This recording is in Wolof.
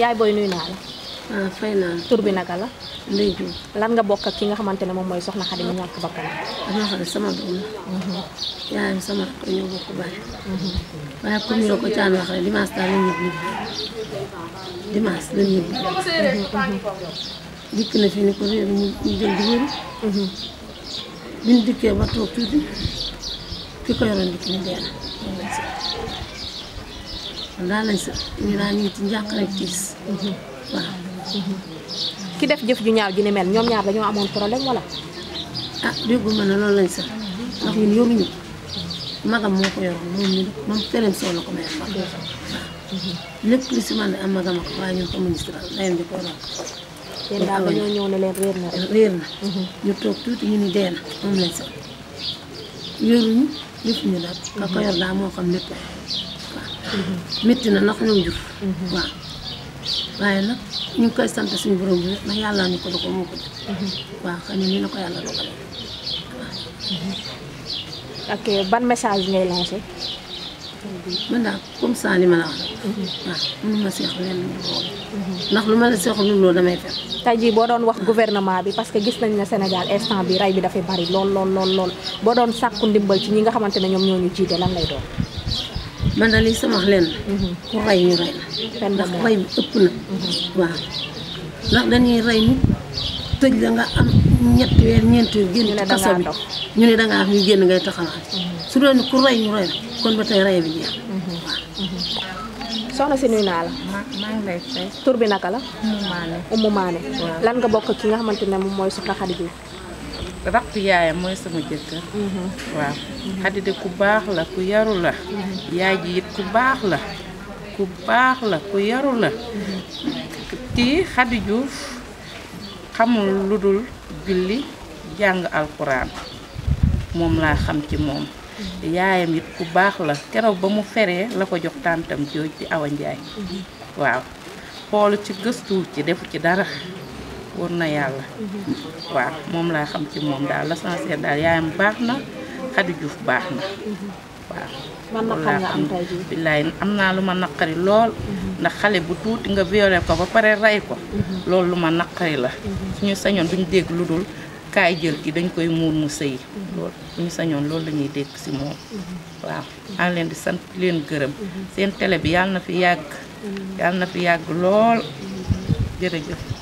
yaay booy nuyu naa la. ah fay naa tur bi naka la. lan nga bokk ak ki nga xamante ne moom mooy soxna Xadi mu ñàkk bakkanam. damaa ah, ah, mhm. yaayam sama rakk ñoo bokk baay. Mhm. waaye comme ni ko caan waxee dimanche daal lañ ñibbi dimanche mhm. dikk na fi ni ko réer ñu jël di wëri. bi ñu dikkee ba toog tuuti ki ko yoroon dikk ni dee na. daal lañ sax ñu daal ñu ngi ci njàq rek tiis ki def jëf ju ñaaw ji ni mel ñoom ñaar dañoo amoon problème wala. ah dégguma ne loolu lañ sax ndax ko yor moom ñu ko may wax si man ne leen réer na réer na. Mhm. ñu toog tuuti ñu ni moom lañ sax yoruñu lépp ñu daal. ka yor daal moo xam lépp. métti na ndax ñoo jur mhm. waaw waaye nag ñu koy sant suñu borom bi ndax yàlla ñu ko do ko moo ko def mhm. ni la ko mhm. ok ban message ngay lancé man daal comme ça li ma la wax rek waaw mënu ma seexu leen loolu ndax lu ma la seexu loolu damay fer tey boo doon wax gouvernement bi parce que gis nañ ne Sénégal instant bi rey bi dafay bari lool lool lool lool boo doon sàkku ndimbal ci ñi nga xamante ne ñoom ñoo ñu jiite lan lay doon man da li sama wax leen ku rey ñu rey la ndax rey ëpp na waaw ndax dañuy rey ñu tëj la nga am ñetti weer ñeenti weer génn ci kaso bi ñu ne da ngaa ñu génn ngay taxawaat su doon ku rey ñu rey kon ba tey bi jeex soxna ngi lay fay bi naka la Umu Umu lan nga bokk ki nga soxna rakk yaayam mooy sama jëkkër mhm. waaw Xadi de ku baax la ku yaru la mhm. yaay ji it ku baax la ku baax la ku yaru la mhm. ti Xadi Juuf xamul lu dul julli jàng alxuraan moom laa xam ci moom yaayam it ku baax la keroog ba mu feree la ko jox tàntam jooj di Awa Njaay waaw xoolu ci gëstu ci defu ci dara wóor na yàlla waaw moom laa xam ci moom daal l'essentiel daal yaayam baax na Khady Diouf baax na waaw billaay am naa lu ma naqari lool ndax xale bu tuuti nga violé ko ba pare ray ko lool lu ma naqari la suñu sañoon duñ dégg lu dul kaay jël gi dañ koy muur mu sëyi loolu suñu sañoon loolu lañuy ñuy dégg si moom waaw maa leen di sant leen gërëm seen télé bi yàlla na fi yàgg yàlla na fi yàgg lool jërëjëf